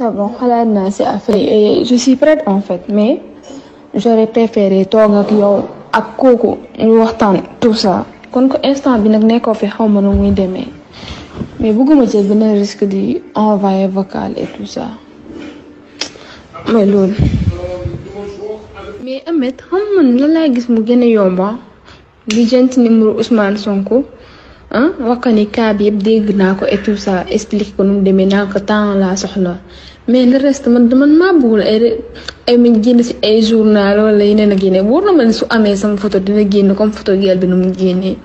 c'est bon xalaat naa si affaire yi je suis prête en fait mais j'aurais préféré toog ak yow ak kooku ñu waxtaan tout ça kon ko instant bi nag nekkoo fi xaw ma nu muy demee mais bëgguma jël benn risque di envoyer vocal et tout ça mais loolu. mais Ameth xam man la gis mu gën a yomba di jënt numéro Ousmane Sonko. ah wax ko ni cas yëpp dégg naa ko et tout ça explique ko nu mu naa ko temps laa soxla mais le reste man man maa ay ay ma génn si ay journal wala yeneen ak na ma ne su amee sama photo dina génn comme photo gel bi nu mu génnee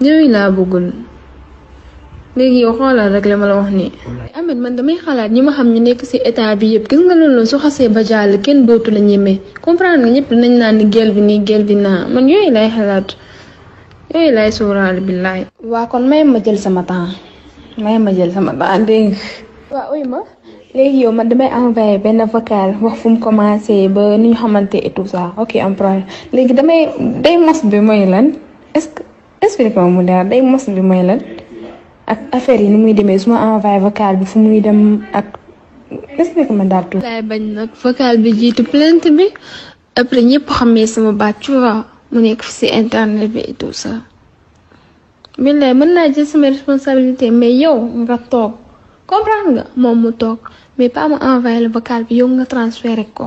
ñooñu yow xoolal rek la la wax nii. Ameth man damay xalaat ñi ma xam ñu nekk si état bi yëpp gis nga loolu su xasee ba jàll kenn dootu la ñeme comprendre nga ñëpp nañ naan ni bi nii gel bi naa man yooyu lay xalaat. yooyu lay sóoraale billaay. waa kon may ma jël sama temps may ma jël sama temps dégg waa uy ma léegi yow man damay envoyé benn vocal wax fu mu commencé ba ni xamante et tout ça ok am problème léegi damay day mos bi mooy lan est-ce que explique mu leer day mos bi mooy lan ak affaire yi ni muy demee suma ma vocal bi fu muy dem ak explique ma daal tuuti. bi jiitu plainte bi après ñëpp xamee sama baat tu mu nekk fi si internet bi et tout ça. billaay mën naa jël sama responsabilité mais yow nga toog comprendre nga moom mu toog mais pas mu envoyé le vocal bi yow nga transféré ko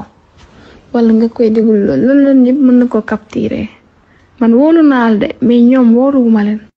wala nga koy déglu loolu loolu yëpp mën na ko capturer man wóolu naa de mais ñoom wóoruwuma leen.